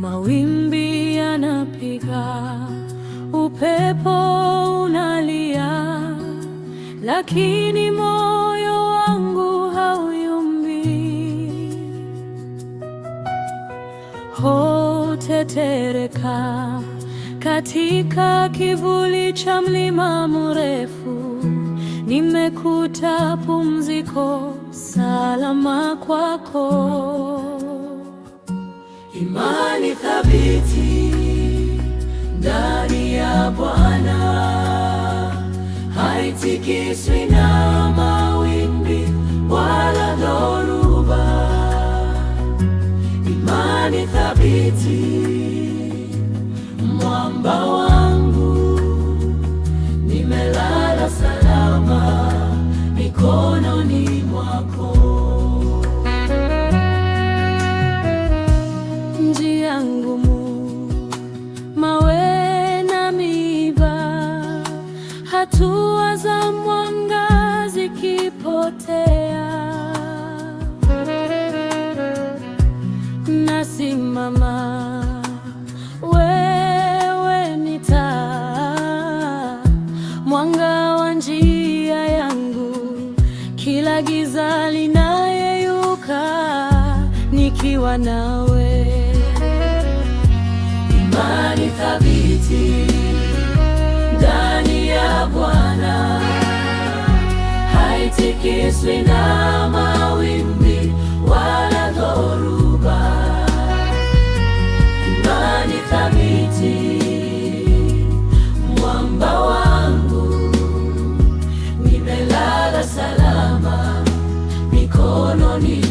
Mawimbi yanapiga, upepo unalia, lakini moyo wangu hauyumbi. Hotetereka katika kivuli cha mlima mrefu, nimekuta pumziko salama kwako. Imani thabiti ndani ya Bwana, haitikiswi na mawimbi wala dhoruba. Imani thabiti hatua za mwanga zikipotea, nasimama wewe ni taa, mwanga wa njia yangu, kila giza linayeyuka nikiwa nawe. hatikiswi na mawimbi wala dhoruba. Imani thabiti, mwamba wangu, nimelala salama mikononi